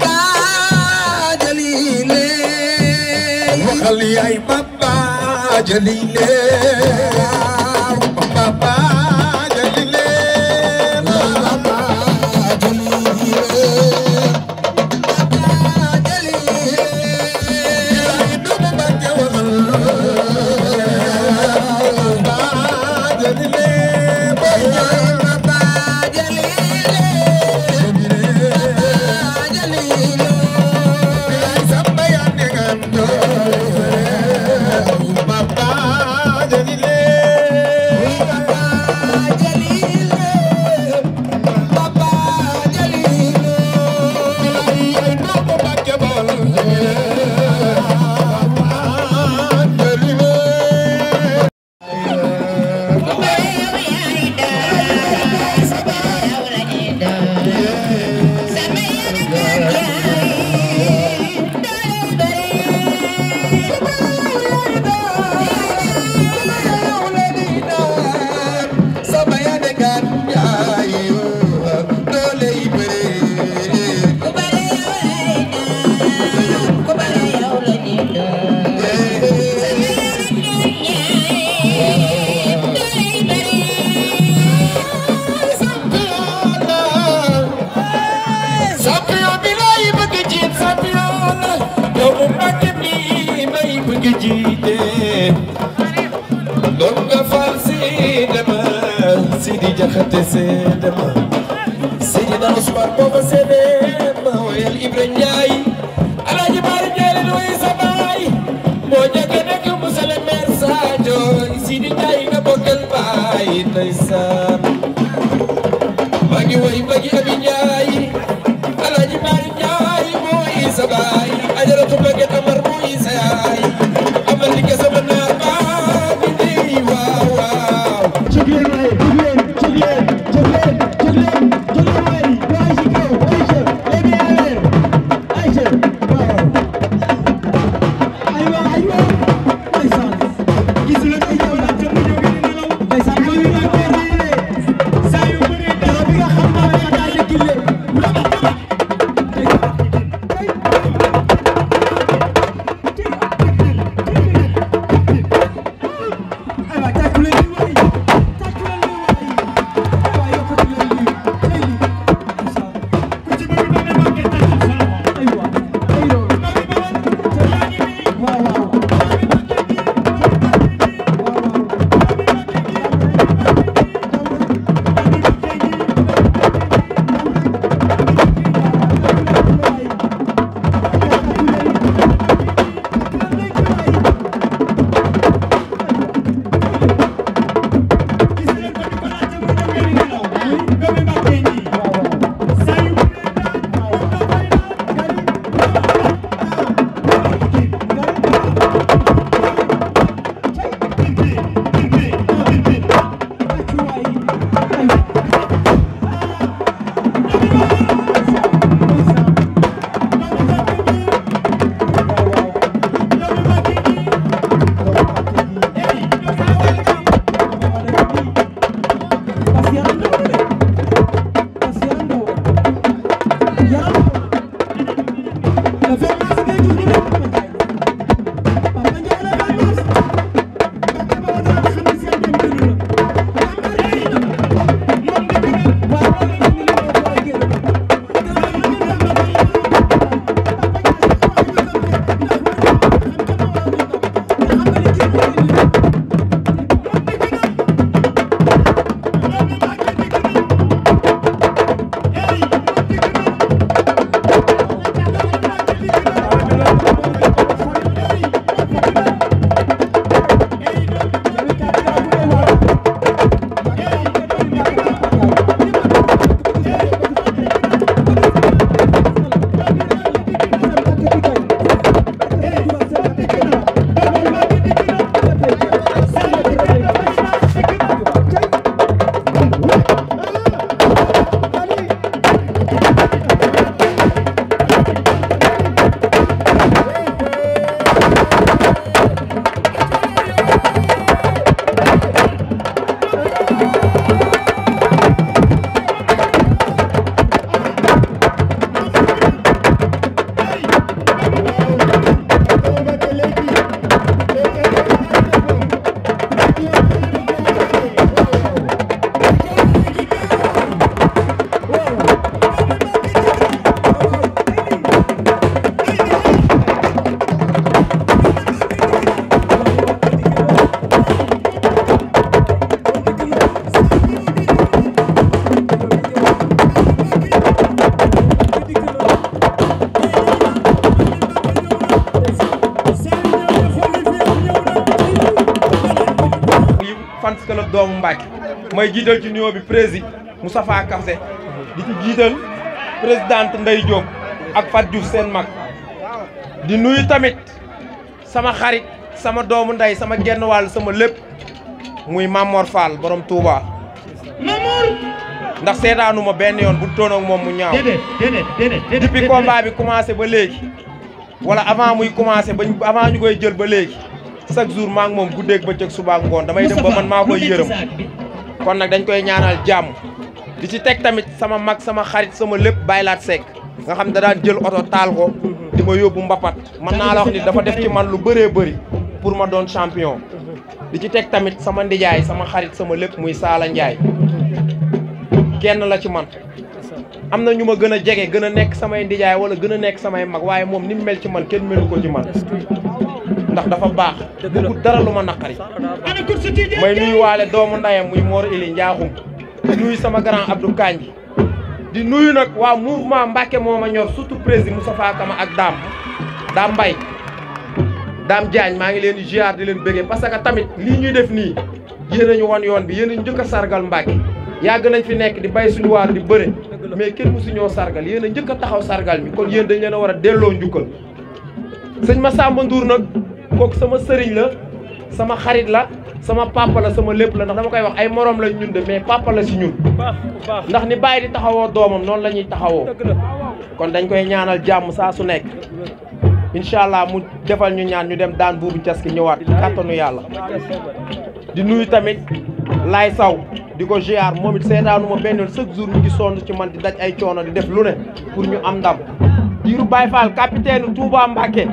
baba jalile waxal yaay baba jalile jiite ndonga fal seede ma Sidi Jaxate seede ma Seydina Ousmane booba seede ma wayal Ibra Njaay Alaaji Baari Njaay leen way sa baay moo njëkk a nekk musale meer Sadio Sidi Njaay nga bokkal baay ndeysaan jël waay Box Club doomu Mbacke may jiital ci nuyoo bi président Moustapha Kafse di ci jiital présidente Ndeye Diop ak Fatou Diouf seen mag di nuyu tamit sama xarit sama doomu ndey sama genn wàll sama lépp muy Mamor Fall borom Touba. ndax seetaanu ma benn yoon bu toon ak moom mu ñaaw. depuis bi commencé ba léegi. wala avant muy commencé ba avant ñu koy jël ba léegi. chaque jour maa ngi moom guddeeg bëccëg suba ak ngoon damay dem ba man maa koy yërëm kon nag dañ koy ñaanal jàmm di ci teg tamit sama mag sama xarit sama lépp baylaat sekk nga xam da daan jël oto taal ko di ma yóbbu mbapat mën naa la wax ni dafa def ci man lu bëree bëri pour ma doon champion di ci teg tamit sama ndijaay sama xarit sama lépp muy Saala Ndiaye kenn la ci man am na ñu ma gën a jege gën a nekk sama ndijaay wala gën a nekk samay mag waaye moom ni mu mel ci man kenn melu ko ci ndax dafa baax bëggul dara lu ma naqari may nuyu waale doomu ndayam muy moor Ili Njaaxum di nuyu sama grand Abdou Kanji di nuyu nag waa ma Mbacke moo ma ñor surtout président Moustapha Kama ak Dame Dame Mbaye daam Diagne maa ngi leen di ziar di leen bëggee parce que tamit lii ñuy def nii yéen a ñu wan yoon bi yéen a njëkk sargal Mbacke yàgg nañ fi nekk di bay suñu waar di bëre mais kenn si ñoo sargal yéen a njëkk taxaw sargal bi kon yéen dañ leen war a delloo njukkal sëñ Massamba Ndour kooku sama sëriñ la sama xarit la sama papa la sama lépp la ndax dama koy wax ay morom lañ ñun de mais papa la si ñun ndax ni bàyyi di taxawoo doomam noonu la ñuy taxawoo kon dañ koy ñaanal jàmm saa su nekk incha allah mu defal ñu ñaan ñu dem daan buubu caski ñëwaat kàttanu yàlla di nuyu tamit laay saw di ko ziar moom it seetaanu ma benn chaque jour ci man di daj ay coono di def lu ne pour ñu am ndam diiru Baye Fall capitaine Touba Mbacké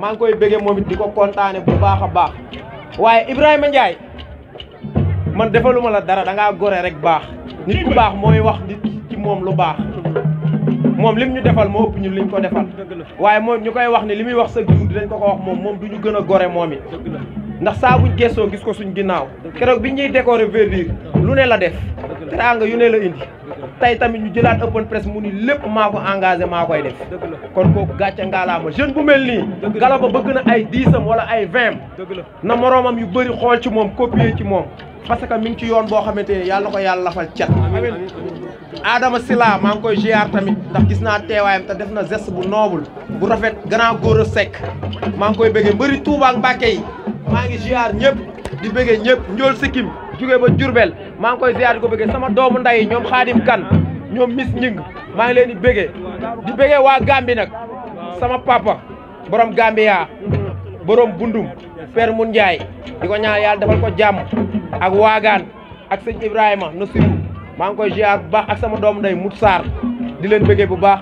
maa ngi koy bëggee moom it di ko kontaane bu baax a baax waaye Ibrahima Ndiaye man defaluma la dara dangaa gore rek baax nit ku baax mooy wax nit ci moom lu baax moom lim ñu defal moo ëpp ñu liñ ko defal waaye moom ñu koy wax ne li muy wax sa jiw dinañ ko ko wax moom moom du ñu gën a gore moom it ndax saabu buñ gëstoo gis ko suñu ginnaaw keroog bi ñuy décorer verdure lu ne la def teraanga yu ne la indi tey tamit ñu jëlaat open press mu ni lépp maa ko engagé koy def kon kooku gàcce ngaalaama jeune bu mel nii gala ba bëgg na ay diisam wala ay vingt na moroomam yu bëri xool ci moom copier ci moom parce que mi ngi ci yoon boo xamante ne yàlla na ko yàlla lafal cat Adama silaa maa ngi koy ziar tamit ndax gis naa teewaayam te def na geste bu noble bu rafet grand góor a sekk maa ngi koy bëggee mbëri Touba ak maa ngi ziar ñëpp di bëggee ñëpp njool sikkim jóge ba Jurbel maa ngi koy ziar di ko bëggee sama doomu nday ñoom xaadim kan ñoom mis ñing maa ngi leen di bëggee di bëggee waa Gambi nag sama papa borom Gambia borom bundum père mun Njaay di ko ñaan yàlla defal ko jàmm ak waagaan ak sëñ Ibrahima Nasiru maa ngi koy ziar bu baax ak sama doomu nday mut saar di leen bëggee bu baax